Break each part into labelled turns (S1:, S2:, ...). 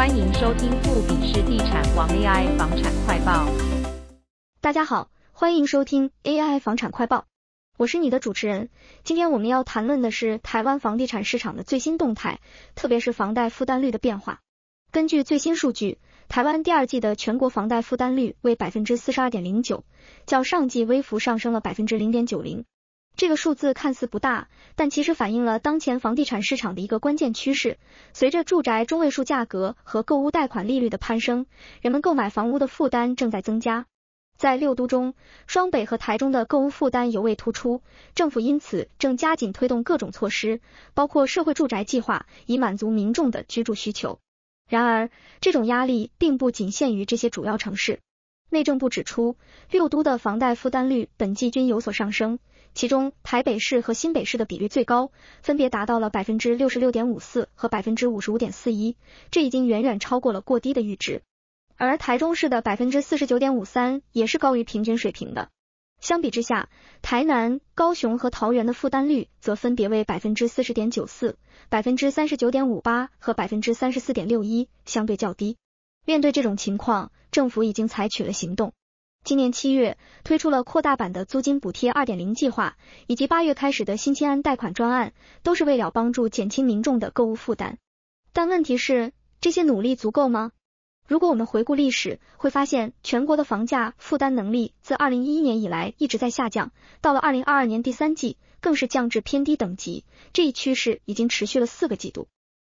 S1: 歡迎收聽富比士地產王 AI 房產快報。大家好，歡迎收聽 AI 房產快報，我是你的主持人。今天我們要談論的是台灣房地產市場的最新動態，特別是房貸負擔率的變化。根據最新數據，台灣第二季的全國房貸負擔率為百分之四十二點零九，較上季微幅上升了百分之零點九零。這個數字看似不大，但其實反映了當前房地產市場的一個關鍵趨勢。隨着住宅中位數價格和購房貸款利率的攀升，人們購買房屋的負擔正在增加。在六都中，雙北和台中的購物負擔尤為突出，政府因此正加緊推動各種措施，包括社會住宅計劃，以滿足民眾的居住需求。然而，這種壓力並不僅限於這些主要城市。內政部指出，六都的房貸負擔率本季均有所上升，其中台北市和新北市的比率最高，分別達到了百分之六十六點五四和百分之五十五點四一，這已經遠遠超過了過低的閾值。而台中市的百分之四十九點五三也是高於平均水平的。相比之下，台南、高雄和桃園的負擔率則分別為百分之四十點九四、百分之三十九點五八和百分之三十四點六一，相對較低。面對這種情況，政府已經採取了行動。今年七月推出了擴大版的租金補貼二點零計劃，以及八月開始的新青安貸款專案，都是為了幫助減輕民眾的購物負擔。但問題是，這些努力足夠嗎？如果我們回顧歷史，會發現全國的房價負擔能力自二零一一年以來一直在下降，到了二零二二年第三季更是降至偏低等級，這一趨勢已經持續了四個季度。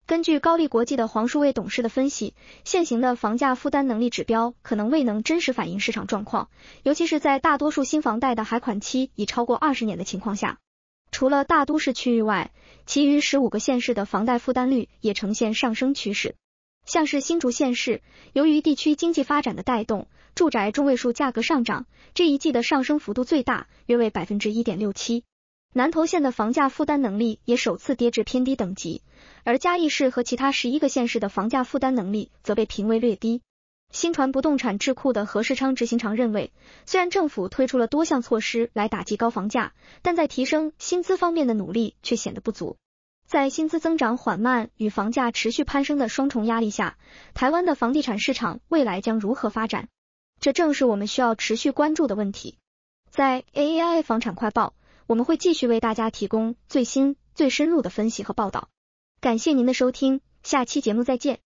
S1: 根據高力國際的黃舒衛董事的分析，現行的房價負擔能力指標可能未能真實反映市場狀況，尤其是在大多數新房貸的還款期已超過二十年的情況下。除了大都市區域外，其餘十五個縣市的房貸負擔率也呈現上升趨勢。像是新竹縣市，由於地區經濟發展的帶動，住宅中位數價格上漲，這一季的上升幅度最大，約為百分之一點六七。南投縣的房價負擔能力也首次跌至偏低等級，而嘉義市和其他十一個縣市的房價負擔能力則被評為略低。新傳不動產智庫的何世昌執行長認為，雖然政府推出了多項措施來打擊高房價，但在提升薪資方面的努力卻顯得不足。在薪資增長緩慢與房價持續攀升的雙重壓力下，台灣的房地產市場未來將如何發展？這正是我們需要持續關注的問題。在 AI 房產快報。我們會繼續為大家提供最新、最深入的分析和報道。感謝您的收聽，下期節目再見。